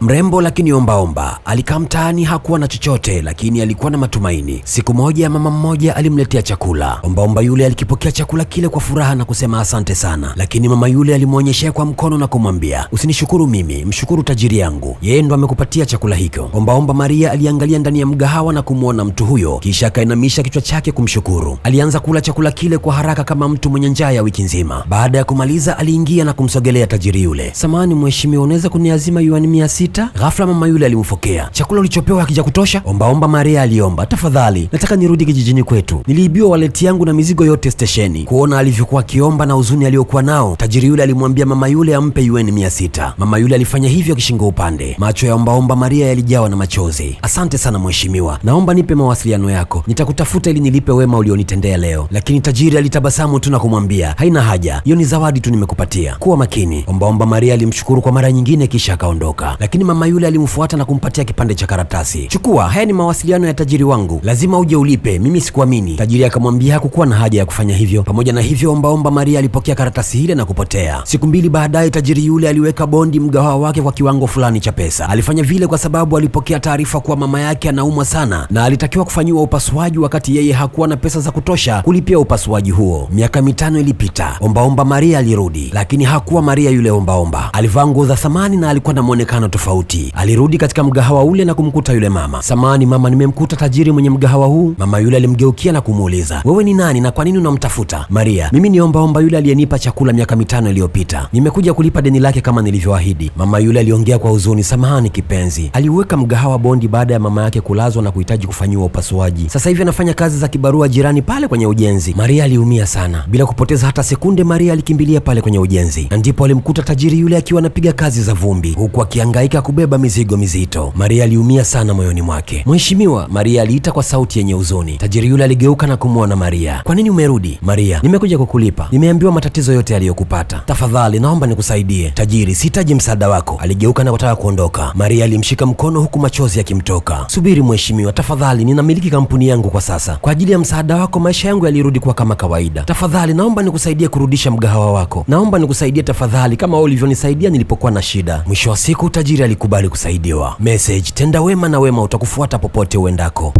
Mrembo lakini ombaomba alikaa mtaani, hakuwa na chochote, lakini alikuwa na matumaini. Siku moja mama mmoja alimletea chakula. Ombaomba yule alikipokea chakula kile kwa furaha na kusema asante sana, lakini mama yule alimwonyeshea kwa mkono na kumwambia, usinishukuru mimi, mshukuru tajiri yangu, yeye ndo amekupatia chakula hicho. Ombaomba Maria aliangalia ndani ya mgahawa na kumwona mtu huyo, kisha akainamisha kichwa chake kumshukuru. Alianza kula chakula kile kwa haraka kama mtu mwenye njaa ya wiki nzima. Baada ya kumaliza, aliingia na kumsogelea tajiri yule, samani mheshimiwa, unaweza kuniazima yuani mia sita, ghafla mama yule alimfokea, chakula ulichopewa hakija kutosha? Ombaomba Maria aliomba, tafadhali nataka nirudi kijijini kwetu, niliibiwa waleti yangu na mizigo yote stesheni. Kuona alivyokuwa akiomba na huzuni aliyokuwa nao, tajiri yule alimwambia mama yule ampe UN mia sita. Mama yule alifanya hivyo akishinga upande, macho ya ombaomba Maria yalijawa na machozi. Asante sana mheshimiwa, naomba nipe mawasiliano yako, nitakutafuta ili nilipe wema ulionitendea leo. Lakini tajiri alitabasamu tu na kumwambia haina haja, hiyo ni zawadi tu nimekupatia, kuwa makini. Ombaomba Maria alimshukuru kwa mara nyingine, kisha akaondoka. Lakini lakini mama yule alimfuata na kumpatia kipande cha karatasi. Chukua, haya ni mawasiliano ya tajiri wangu, lazima uje ulipe, mimi sikuamini. Tajiri akamwambia hakukuwa na haja ya kufanya hivyo. Pamoja na hivyo, ombaomba Maria alipokea karatasi hile na kupotea. Siku mbili baadaye, tajiri yule aliweka bondi mgahawa wake kwa kiwango fulani cha pesa. Alifanya vile kwa sababu alipokea taarifa kuwa mama yake anaumwa sana na alitakiwa kufanyiwa upasuaji, wakati yeye hakuwa na pesa za kutosha kulipia upasuaji huo. Miaka mitano ilipita, ombaomba Maria alirudi, lakini hakuwa Maria yule ombaomba. Alivaa nguo za thamani na alikuwa na mwonekano tofauti tofauti. Alirudi katika mgahawa ule na kumkuta yule mama. Samani mama, nimemkuta tajiri mwenye mgahawa huu. Mama yule alimgeukia na kumuuliza, wewe ni nani na kwa nini unamtafuta? Maria, mimi ni ombaomba yule aliyenipa chakula miaka mitano iliyopita. Nimekuja kulipa deni lake kama nilivyoahidi. Mama yule aliongea kwa huzuni, samahani kipenzi. Aliuweka mgahawa bondi baada ya mama yake kulazwa na kuhitaji kufanyiwa upasuaji. Sasa hivi anafanya kazi za kibarua jirani pale kwenye ujenzi. Maria aliumia sana. Bila kupoteza hata sekunde, Maria alikimbilia pale kwenye ujenzi na ndipo alimkuta tajiri yule akiwa anapiga kazi za vumbi huku akihangaika katika kubeba mizigo mizito. Maria aliumia sana moyoni mwake. Mheshimiwa, Maria aliita kwa sauti yenye huzuni. Tajiri yule aligeuka na kumwona Maria. Kwa nini umerudi? Maria, nimekuja kukulipa. Nimeambiwa matatizo yote yaliyokupata. Tafadhali naomba nikusaidie. Tajiri, sihitaji msaada wako. Aligeuka na kutaka kuondoka. Maria alimshika mkono huku machozi yakimtoka. Subiri mheshimiwa, tafadhali, ninamiliki kampuni yangu kwa sasa. Kwa ajili ya msaada wako maisha yangu yalirudi kuwa kama kawaida. Tafadhali naomba nikusaidie kurudisha mgahawa wako. Naomba nikusaidie tafadhali, kama wewe ulivyonisaidia nilipokuwa na shida. Mwisho wa siku tajiri alikubali kusaidiwa. Message: tenda wema na wema utakufuata popote uendako.